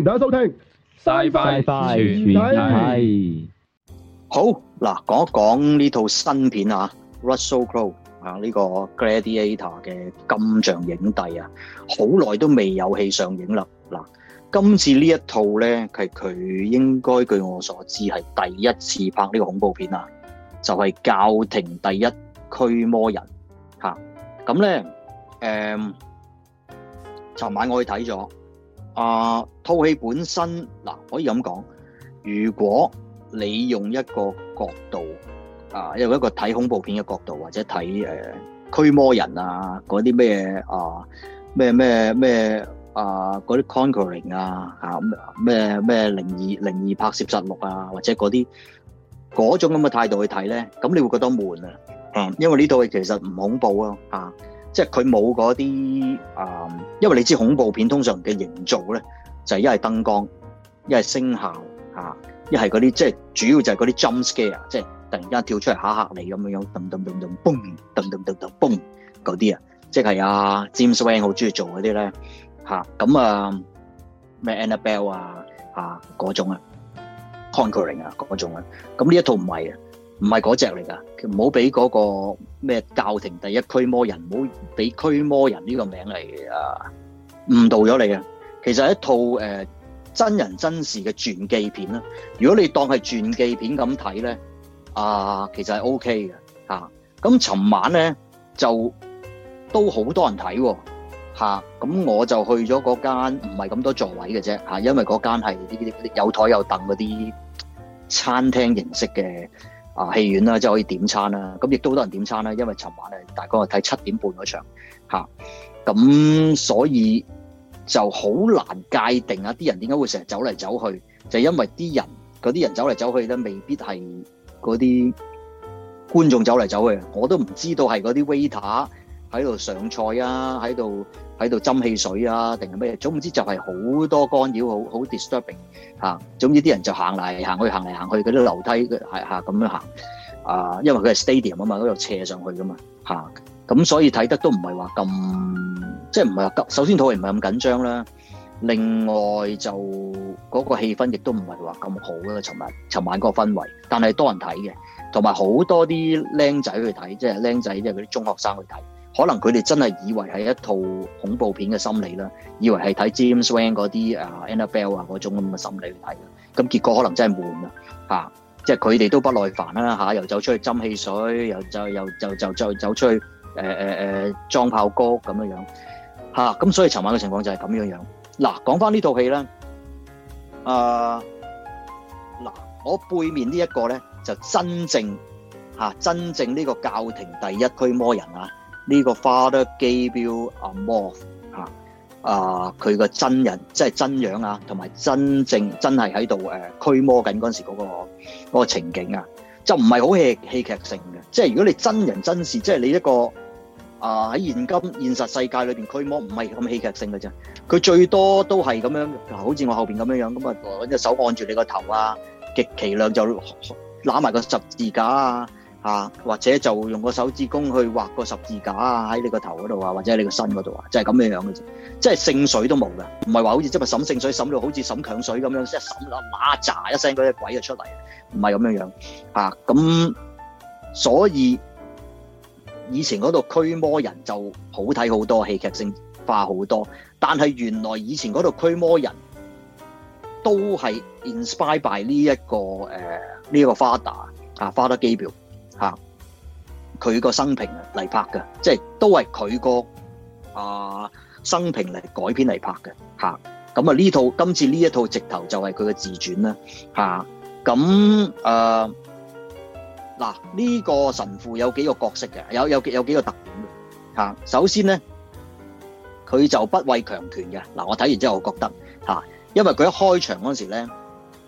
大家收聽，拜拜拜拜，好嗱，講一講呢套新片啊，Russell Crowe 啊、e，呢個 Gladiator 嘅金像影帝啊，好耐都未有戲上映啦。嗱，今次呢一套咧係佢應該，據我所知係第一次拍呢個恐怖片啊，就係、是、教廷第一驅魔人吓。咁咧，誒、嗯，尋晚我去睇咗。啊，套戲本身嗱、啊，可以咁講，如果你用一個角度啊，用一個睇恐怖片嘅角度，或者睇誒驅魔人啊，嗰啲咩啊，咩咩咩啊，啲 conquering 啊，吓咩咩靈異靈異拍攝實錄啊，或者嗰啲嗰種咁嘅態度去睇咧，咁你會覺得悶、嗯、啊，啊，因為呢套戲其實唔恐怖啊，即係佢冇嗰啲啊，因為你知恐怖片通常嘅營造咧，就係一係燈光，一係聲效，嚇，一係嗰啲即係主要就係嗰啲 jump scare 啊，即係突然間跳出嚟嚇嚇你咁樣樣，噔噔噔噔嘣，噔噔噔嘣嗰啲啊，即係啊，James Wan 好中意做嗰啲咧吓，咁啊咩 Annabelle 啊啊嗰種啊，Conjuring 啊嗰種啊，咁呢一套唔係啊。唔係嗰隻嚟噶，唔好俾嗰個咩教廷第一驅魔人，唔好俾驅魔人呢個名嚟啊，誤導咗你啊！其實一套、呃、真人真事嘅傳記片啦，如果你當係傳記片咁睇咧，啊，其實係 O K 嘅吓。咁尋晚咧就都好多人睇喎吓，咁我就去咗嗰間唔係咁多座位嘅啫、吓、因為嗰間係呢啲有台有凳嗰啲餐廳形式嘅。啊，戲院啦、啊，即係可以點餐啦、啊，咁亦都好多人點餐啦、啊，因為尋晚咧，大概係睇七點半嗰場咁、啊、所以就好難界定啊！啲人點解會成日走嚟走去，就因為啲人嗰啲人走嚟走去咧，未必係嗰啲觀眾走嚟走去，我都唔知道係嗰啲 waiter。喺度上菜啊！喺度喺度斟汽水啊！定係咩？總之就係好多干擾，好好 disturbing 嚇、啊。總之啲人就行嚟行去，行嚟行去嗰啲樓梯，係嚇咁樣行啊。因為佢係 stadium 啊嘛，嗰度斜上去噶嘛咁、啊、所以睇得都唔係話咁即係唔係話首先，套戲唔係咁緊張啦。另外就嗰個氣氛亦都唔係話咁好啦。尋日尋晚，晚個氛圍，但係多人睇嘅，同埋好多啲僆仔去睇，即係僆仔，即係嗰啲中學生去睇。可能佢哋真係以為係一套恐怖片嘅心理啦，以為係睇 James Wan 嗰啲啊 Annabelle 啊嗰種咁嘅心理去睇啦，咁結果可能真係悶啊吓，即係佢哋都不耐煩啦吓，又走出去斟汽水，又就又就就就走出去誒誒誒裝炮哥咁樣樣吓，咁所以尋晚嘅情況就係咁樣樣。嗱，講翻呢套戲咧，誒，嗱，我背面呢一個咧就真正吓，真正呢個教廷第一驅魔人啊！呢個 Father Gabriele Amorth 啊，佢個真人即係真樣啊，同埋真正真係喺度誒驅魔緊嗰陣時嗰個嗰個情景啊，就唔係好戲戲劇性嘅。即係如果你真人真事，即係你一個啊喺現今現實世界裏邊驅魔，唔係咁戲劇性嘅啫。佢最多都係咁樣好似我後邊咁樣樣咁啊，攞隻手按住你個頭啊，極其量就攬埋個十字架啊。啊，或者就用個手指公去畫個十字架啊，喺你個頭嗰度啊，或者喺你個身嗰度啊，就係、是、咁樣樣嘅啫。即係聖水都冇噶，唔係話好似即係審聖水審到好似審強水咁樣，即係審啊馬喳一聲嗰隻鬼就出嚟，唔係咁樣樣咁、啊、所以以前嗰度驅魔人就好睇好多，戲劇性化好多。但係原來以前嗰度驅魔人都係 inspired by 呢、這、一個呢個、呃這個 father、啊、father Gabriel 佢個生平嚟拍嘅，即係都係佢個啊生平嚟改編嚟拍嘅吓。咁啊呢套今次呢一套直頭就係佢嘅自傳啦吓。咁誒嗱呢個神父有幾個角色嘅？有有幾有幾個特點嘅吓、啊。首先咧，佢就不畏強權嘅。嗱，我睇完之後我覺得吓、啊，因為佢一開場嗰時咧。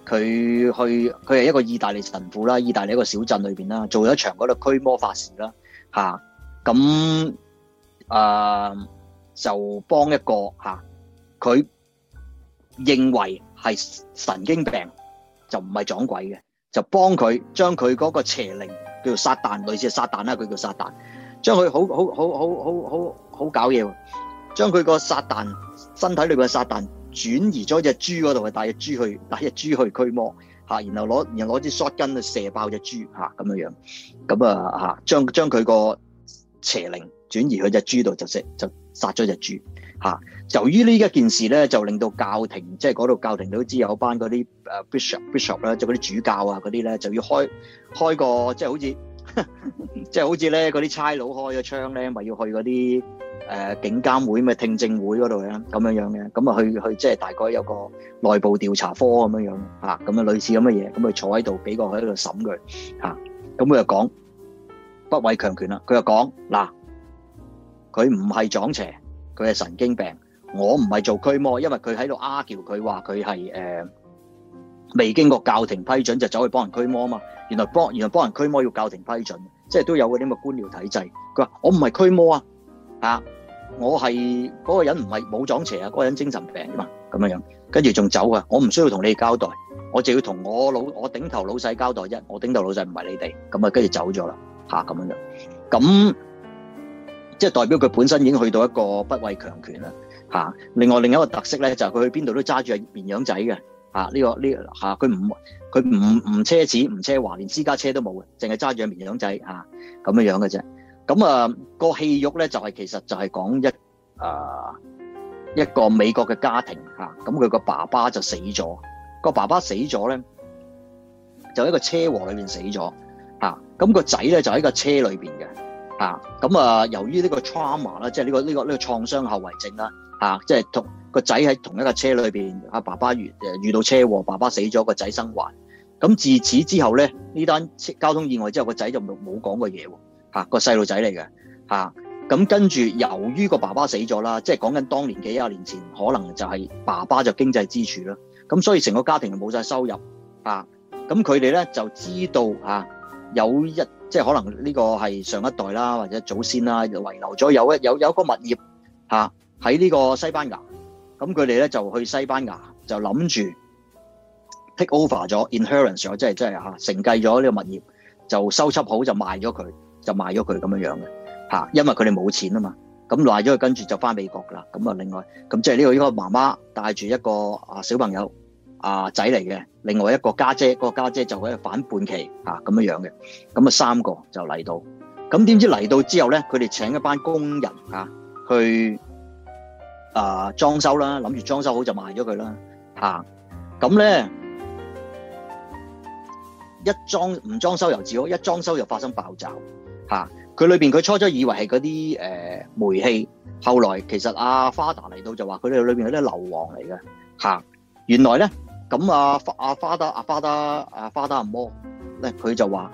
佢去佢係一個意大利神父啦，意大利一個小鎮裏邊啦，做咗場嗰個驅魔法事啦，吓咁誒就幫一個吓佢、啊、認為係神經病就唔係撞鬼嘅，就幫佢將佢嗰個邪靈叫做撒旦，類似撒旦啦，佢叫撒旦，將佢好好好好好好好搞嘢，將佢個撒旦身體裏邊嘅撒旦。轉移咗隻豬嗰度，帶隻豬去，帶隻豬去驅魔嚇、啊，然後攞然後攞支 shotgun 去射爆隻豬嚇，咁、啊、樣樣，咁啊嚇，將將佢個邪靈轉移去隻豬度就射就殺咗隻豬嚇、啊。由於呢一件事咧，就令到教廷即係嗰度教廷都知有班嗰啲誒 bishop bishop 咧，即係嗰啲主教啊嗰啲咧，就要開開個即係、就是、好似。即係好似咧，嗰啲差佬開咗槍咧，咪要去嗰啲誒警監會咪聽證會嗰度咧，咁樣樣嘅，咁啊去去即係大概有個內部調查科咁樣樣，吓咁啊類似咁嘅嘢，咁啊坐喺度幾個喺度審佢，吓咁佢就講不畏強權啦，佢就講嗱，佢唔係撞邪，佢係神經病，我唔係做驅魔，因為佢喺度拗撬，佢話佢係誒。未經過教廷批准就走去幫人驅魔啊嘛！原來幫原來幫人驅魔要教廷批准，即係都有嗰啲咁嘅官僚體制。佢話：我唔係驅魔啊，啊，我係嗰個人唔係冇撞邪啊，嗰個人精神病啊嘛，咁樣樣，跟住仲走啊！我唔需要同你哋交代，我就要同我老我頂頭老細交代一，我頂頭老細唔係你哋，咁啊跟住走咗啦嚇咁樣樣，咁即係代表佢本身已經去到一個不畏強權啦嚇。另外另一個特色咧就係佢去邊度都揸住個綿羊仔嘅。啊！呢、這個呢嚇佢唔佢唔唔奢侈唔奢華，連私家車都冇嘅，淨係揸住個綿羊仔嚇咁樣樣嘅啫。咁啊個戲肉咧就係其實就係講一誒、啊、一個美國嘅家庭嚇，咁佢個爸爸就死咗，個爸爸死咗咧就喺個車禍裏邊死咗嚇，咁、啊個仔咧就喺個車裏邊嘅。咁啊，由於呢個 trauma 啦、這個，即係呢個呢個呢個創傷後遺症啦，嚇、啊，即係同個仔喺同一架車裏邊，阿、啊、爸爸遇誒遇到車禍，爸爸死咗，個仔生還。咁自此之後咧，呢單交通意外之後，個仔就冇冇講過嘢喎。嚇、啊，個細路仔嚟嘅嚇。咁、啊啊、跟住，由於個爸爸死咗啦，即係講緊當年幾廿年前，可能就係爸爸就經濟支柱啦。咁、啊、所以成個家庭就冇晒收入。啊，咁佢哋咧就知道嚇有一。即係可能呢個係上一代啦，或者祖先啦遺留咗有一有有一個物業吓喺呢個西班牙，咁佢哋咧就去西班牙就諗住 take over 咗 inherit 咗，即係即係嚇承繼咗呢個物業，就收葺好就賣咗佢，就賣咗佢咁樣樣嘅，啊，因為佢哋冇錢啊嘛，咁賣咗佢，跟住就翻美國啦，咁啊另外咁即係呢個呢個媽媽帶住一個啊小朋友。啊仔嚟嘅，另外一個家姐，個家姐就喺反叛期嚇咁樣樣嘅，咁啊三個就嚟到，咁、啊、點知嚟到之後咧，佢哋請一班工人啊去啊裝修啦，諗住裝修好就賣咗佢啦吓，咁、啊、咧一裝唔裝修又自然，一裝修又發生爆炸吓，佢裏邊佢初初以為係嗰啲誒煤氣，後來其實阿花達嚟到就話佢哋裏邊嗰啲硫磺嚟嘅吓，原來咧。咁啊，花阿花德阿花德阿花德阿摩咧，佢就話，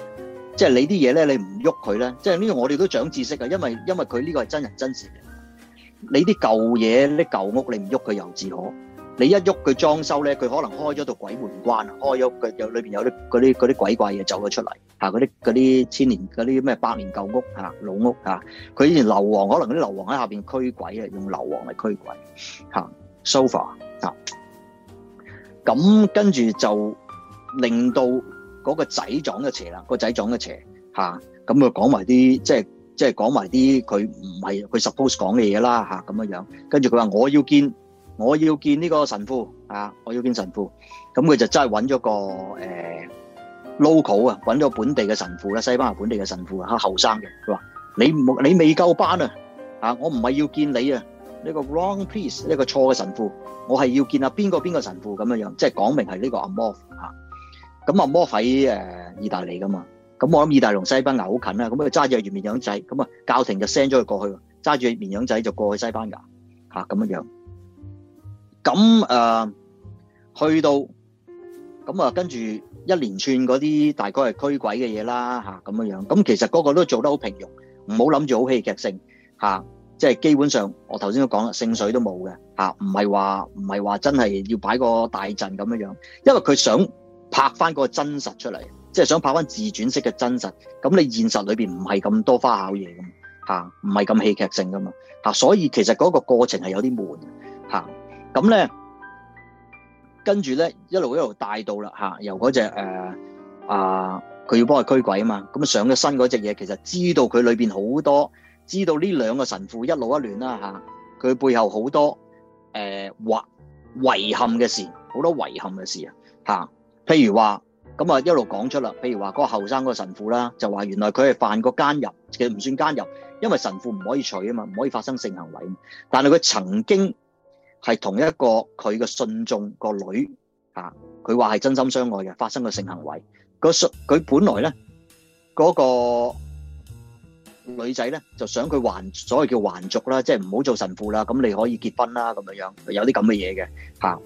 即係你啲嘢咧，你唔喐佢咧，即係呢個我哋都長知識嘅，因為因為佢呢個係真人真事嚟。你啲舊嘢，啲舊屋，你唔喐佢又自可，你一喐佢裝修咧，佢可能開咗道鬼門關啊！開咗佢有，有裏邊有啲啲啲鬼怪嘢走咗出嚟，吓嗰啲啲千年嗰啲咩百年舊屋吓、啊、老屋吓，佢、啊、以前硫磺可能啲硫磺喺下邊驅鬼啊，用硫磺嚟驅鬼吓。sofa 吓。咁跟住就令到嗰個仔撞咗邪啦，個仔撞咗邪嚇，咁佢講埋啲即係即係講埋啲佢唔係佢 suppose 講嘅嘢啦嚇，咁、嗯就是就是啊啊、樣跟住佢話我要見我要見呢個神父啊，我要見神父，咁、嗯、佢、嗯、就真係揾咗個誒 local 啊，揾、呃、咗本地嘅神父啦，西班牙本地嘅神父啊，後生嘅，佢話你你未夠班啊，啊我唔係要見你啊。呢個 wrong priest，呢個錯嘅神父，我係要見下邊個邊個神父咁樣樣，即係講明係呢個阿摩啊。咁阿摩喺誒意大利噶嘛。咁我諗意大利同西班牙好近啦。咁佢揸住個綿羊仔，咁啊教廷就 send 咗佢過去，揸住個綿羊仔就過去西班牙嚇咁樣樣。咁誒、啊、去到咁啊，跟住一連串嗰啲大概係驅鬼嘅嘢啦嚇咁樣樣。咁、啊、其實嗰個都做得好平庸，唔好諗住好戲劇性嚇。即係基本上，我頭先都講啦，聖水都冇嘅吓，唔係話唔係話真係要擺個大陣咁樣樣，因為佢想拍翻個真實出嚟，即係想拍翻自傳式嘅真實。咁你現實裏邊唔係咁多花巧嘢噶嘛，吓唔係咁戲劇性噶嘛，吓所以其實嗰個過程係有啲悶吓。咁咧，跟住咧一路一路帶到啦吓，由嗰隻誒啊，佢、呃呃、要幫佢驅鬼啊嘛，咁上咗身嗰隻嘢，其實知道佢裏邊好多。知道呢兩個神父一路一亂啦嚇，佢背後好多誒遺、呃、遺憾嘅事，好多遺憾嘅事啊嚇。譬如話咁啊，一路講出啦。譬如話嗰個後生嗰個神父啦，就話原來佢係犯過奸淫，其實唔算奸淫，因為神父唔可以娶啊嘛，唔可以發生性行為。但係佢曾經係同一個佢嘅信眾個女嚇，佢話係真心相愛嘅，發生過性行為。個信佢本來咧嗰、那個。女仔咧就想佢還所謂叫還俗啦，即係唔好做神父啦，咁你可以結婚啦，咁樣有這樣有啲咁嘅嘢嘅吓，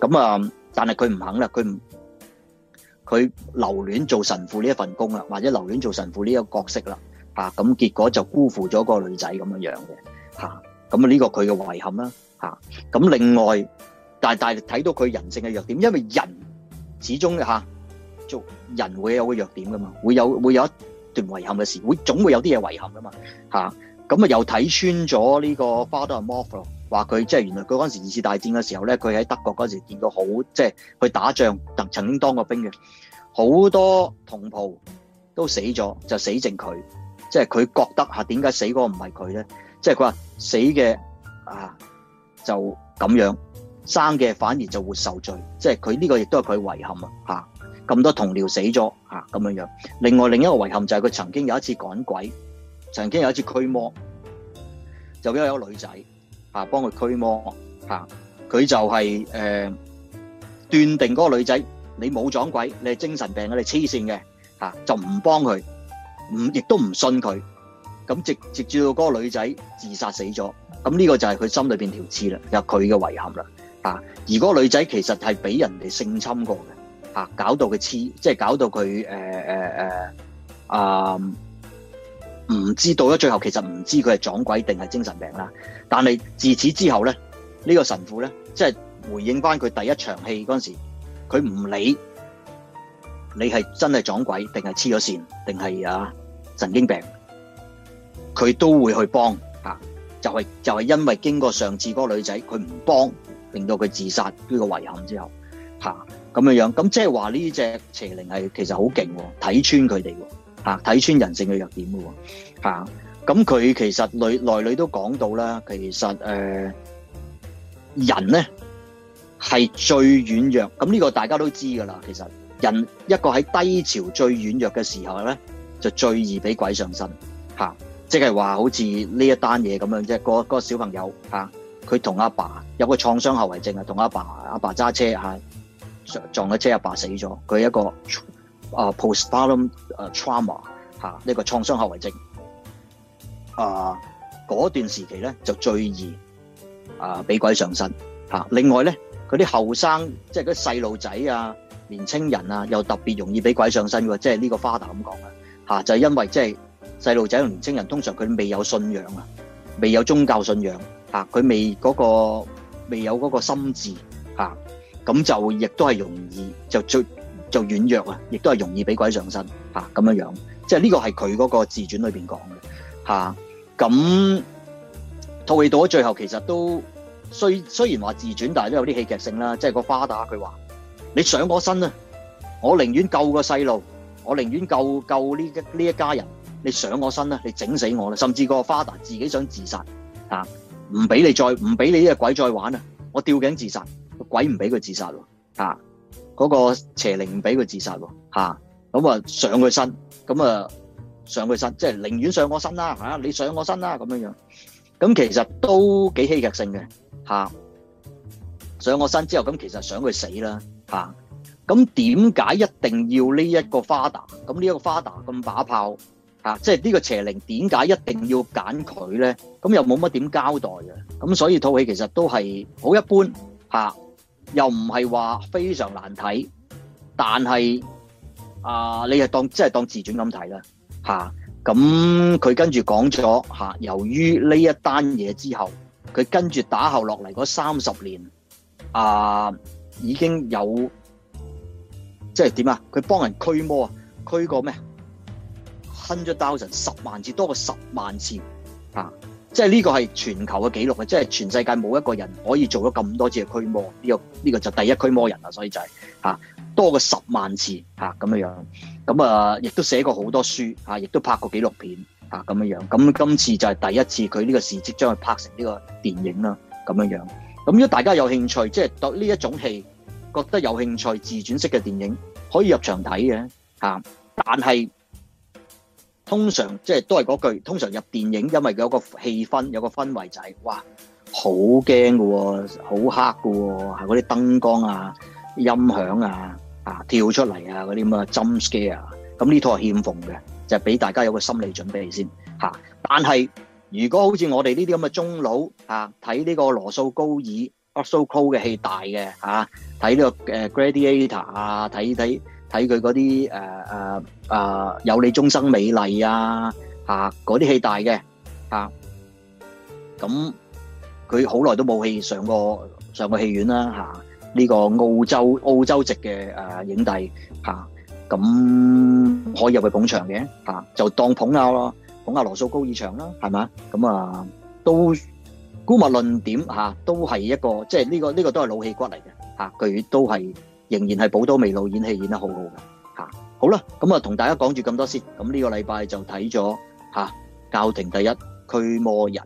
咁啊，但係佢唔肯啦，佢唔佢留戀做神父呢一份工啦，或者留戀做神父呢一個角色啦，啊，咁結果就辜負咗個女仔咁樣樣嘅，吓、啊，咁啊呢個佢嘅遺憾啦，吓，咁另外，但係但係睇到佢人性嘅弱點，因為人始終吓、啊、做人會有個弱點噶嘛，會有會有一。段遺憾嘅事，會總會有啲嘢遺憾噶嘛？吓、啊，咁啊又睇穿咗呢個 Father Amorth 話佢即係原來佢嗰陣時二次大戰嘅時候咧，佢喺德國嗰陣時見到好，即係佢打仗曾曾經當過兵嘅，好多同袍都死咗，就死剩佢，即係佢覺得吓點解死嗰個唔係佢咧？即係佢話死嘅啊就咁樣，生嘅反而就會受罪，即係佢呢個亦都係佢遺憾啊吓。咁多同僚死咗咁、啊、樣，另外另一個遺憾就係佢曾經有一次趕鬼，曾經有一次驅魔，就因為有個女仔嚇、啊、幫佢驅魔佢、啊、就係、是、誒、呃、斷定嗰個女仔你冇撞鬼，你係精神病，你痴線嘅就唔幫佢，唔亦都唔信佢，咁直直至到嗰個女仔自殺死咗，咁呢個就係佢心裏邊條刺啦，有佢嘅遺憾啦，而嗰個女仔其實係俾人哋性侵過嘅。吓、啊，搞到佢黐，即係搞到佢誒誒誒啊，唔知道啦。到最後其實唔知佢係撞鬼定係精神病啦。但係自此之後咧，呢、這個神父咧，即係回應翻佢第一場戲嗰陣時候，佢唔理你係真係撞鬼，定係黐咗線，定係啊神經病，佢都會去幫。吓、啊，就係、是、就係、是、因為經過上次嗰個女仔，佢唔幫，令到佢自殺呢、這個遺憾之後，吓、啊。咁嘅樣，咁即係話呢隻邪靈係其實好勁，睇穿佢哋，喎、啊，睇穿人性嘅弱點喎。吓咁佢其實裏內裏都講到啦，其實誒、呃、人咧係最軟弱，咁呢個大家都知噶啦。其實人一個喺低潮最軟弱嘅時候咧，就最易俾鬼上身，吓、啊、即係話好似呢一單嘢咁樣啫，個個、個個小朋友吓佢同阿爸，爸有個創傷後遺症爸爸爸爸啊，同阿爸阿爸揸車吓，撞咗車阿爸，爸死咗，佢一個啊 postpartum trauma 嚇呢個創傷後遺症啊，嗰段時期咧就最易啊俾鬼上身嚇、啊。另外咧，嗰啲後生即係嗰啲細路仔啊、年青人啊，又特別容易俾鬼上身喎。即係呢個 Father 咁講嘅嚇，就係因為即係細路仔同年青人通常佢未有信仰啊，未有宗教信仰嚇，佢未嗰個未有嗰個心智。咁就亦都係容易就最就軟弱啊，亦都係容易俾鬼上身咁樣樣，即係呢個係佢嗰個自傳裏面講嘅。咁套戲到咗最後，其實都雖雖然話自傳，但係都有啲戲劇性啦。即係個花旦佢話：你上我身啊！我寧願救個細路，我寧願救救呢呢一家人。你上我身啦，你整死我啦！甚至個花旦自己想自殺啊，唔俾你再唔俾你呢個鬼再玩啊！我吊頸自殺，鬼唔俾佢自殺喎，啊！嗰個邪靈唔俾佢自殺喎，吓，咁啊上佢身，咁啊上佢身，即係寧願上我身啦，吓，你上我身啦咁樣樣，咁其實都幾戲劇性嘅吓，上我身之後咁其實想佢死啦吓，咁點解一定要呢一個 father，咁呢一個 father 咁把炮？啊！即係呢個邪靈點解一定要揀佢咧？咁又冇乜點交代嘅。咁所以套戲其實都係好一般嚇，啊，又唔係話非常難睇。但係啊，你係當即係當自傳咁睇啦嚇。咁佢跟住講咗嚇，由於呢一單嘢之後，佢跟住打後落嚟嗰三十年啊，已經有即係點啊？佢、就是、幫人驅魔啊，驅過咩吞咗達成十萬次，100, 000, 10, 000, 多過十萬次。啊！即係呢個係全球嘅記錄啊！即係全世界冇一個人可以做咗咁多次嘅驅魔呢、呢個呢、呢個就第一驅魔人啦，所以就係、是、嚇、啊、多過十萬次。嚇咁樣樣咁啊！亦、啊、都寫過好多書嚇，亦、啊、都拍過紀錄片嚇咁樣樣。咁、啊、今次就係第一次佢呢個事蹟將佢拍成呢個電影啦咁樣樣。咁、啊、如果大家有興趣，即係對呢一種戲覺得有興趣自傳式嘅電影，可以入場睇嘅嚇。但係通常即係都係嗰句，通常入電影，因為佢有個氣氛，有個氛圍就係，哇，好驚喎，好黑嘅、哦，係嗰啲燈光啊、音響啊、啊跳出嚟啊嗰啲咁嘅 jump scare。咁呢套係欠奉嘅，就係俾大家有個心理準備先。但係如果好似我哋呢啲咁嘅中佬嚇睇呢個羅素高爾 Russell Crowe 嘅戲大嘅嚇，睇呢個 Gladiator 啊，睇睇。睇佢嗰啲誒誒誒有你終生美麗啊嚇，嗰啲戲大嘅嚇，咁佢好耐都冇戲上過上過戲院啦嚇，呢個澳洲澳洲籍嘅誒影帝嚇，咁可以入去捧場嘅嚇，就當捧下咯，捧下羅素高爾場啦，係嘛？咁啊都姑勿論點嚇，都係一個即係呢個呢個都係老戲骨嚟嘅嚇，佢都係。仍然係寶刀未老，演戲演得好好嘅吓。好啦，咁啊同大家講住咁多先。咁呢個禮拜就睇咗吓《教廷第一驅魔人》。